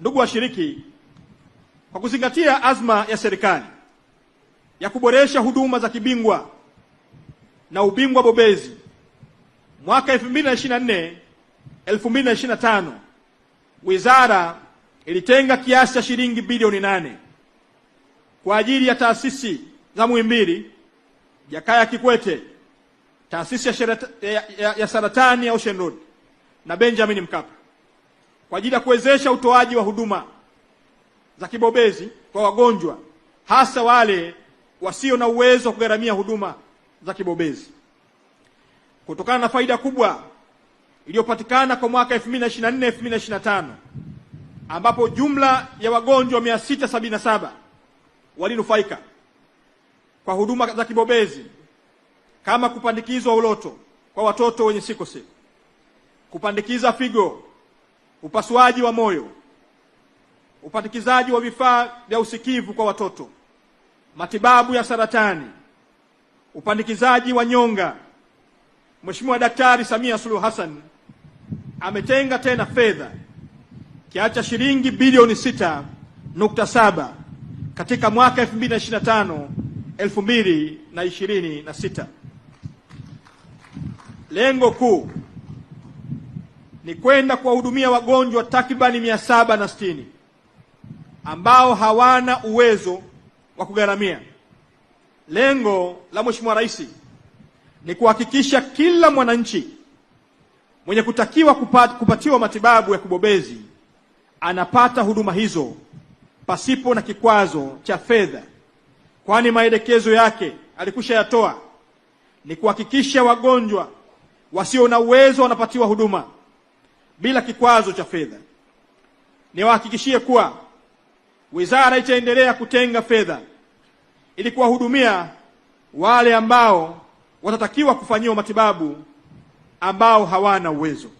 Ndugu washiriki, kwa kuzingatia azma ya serikali ya kuboresha huduma za kibingwa na ubingwa bobezi mwaka 2024 2025, wizara ilitenga kiasi cha shilingi bilioni nane kwa ajili ya taasisi za Muhimbili, Jakaya Kikwete, taasisi ya, ya, ya saratani ya Ocean Road na Benjamin Mkapa kwa ajili ya kuwezesha utoaji wa huduma za kibobezi kwa wagonjwa, hasa wale wasio na uwezo wa kugharamia huduma za kibobezi. Kutokana na faida kubwa iliyopatikana kwa mwaka 2024 2025 ambapo jumla ya wagonjwa 677 walinufaika kwa huduma za kibobezi kama kupandikizwa uloto kwa watoto wenye sikoseli, kupandikiza figo upasuaji wa moyo, upatikizaji wa vifaa vya usikivu kwa watoto, matibabu ya saratani, upandikizaji wa nyonga. Mheshimiwa Daktari Samia Suluhu Hassan ametenga tena fedha kiasi cha shilingi bilioni saba katika mwaka 2025 2026 lengo kuu ni kwenda kuwahudumia wagonjwa takribani mia saba na sitini ambao hawana uwezo wa kugharamia. Lengo la Mheshimiwa Rais ni kuhakikisha kila mwananchi mwenye kutakiwa kupatiwa matibabu ya kubobezi anapata huduma hizo pasipo na kikwazo cha fedha, kwani maelekezo yake alikusha yatoa ni kuhakikisha wagonjwa wasio na uwezo wanapatiwa huduma bila kikwazo cha fedha. Niwahakikishie kuwa wizara itaendelea kutenga fedha ili kuwahudumia wale ambao watatakiwa kufanyiwa matibabu ambao hawana uwezo.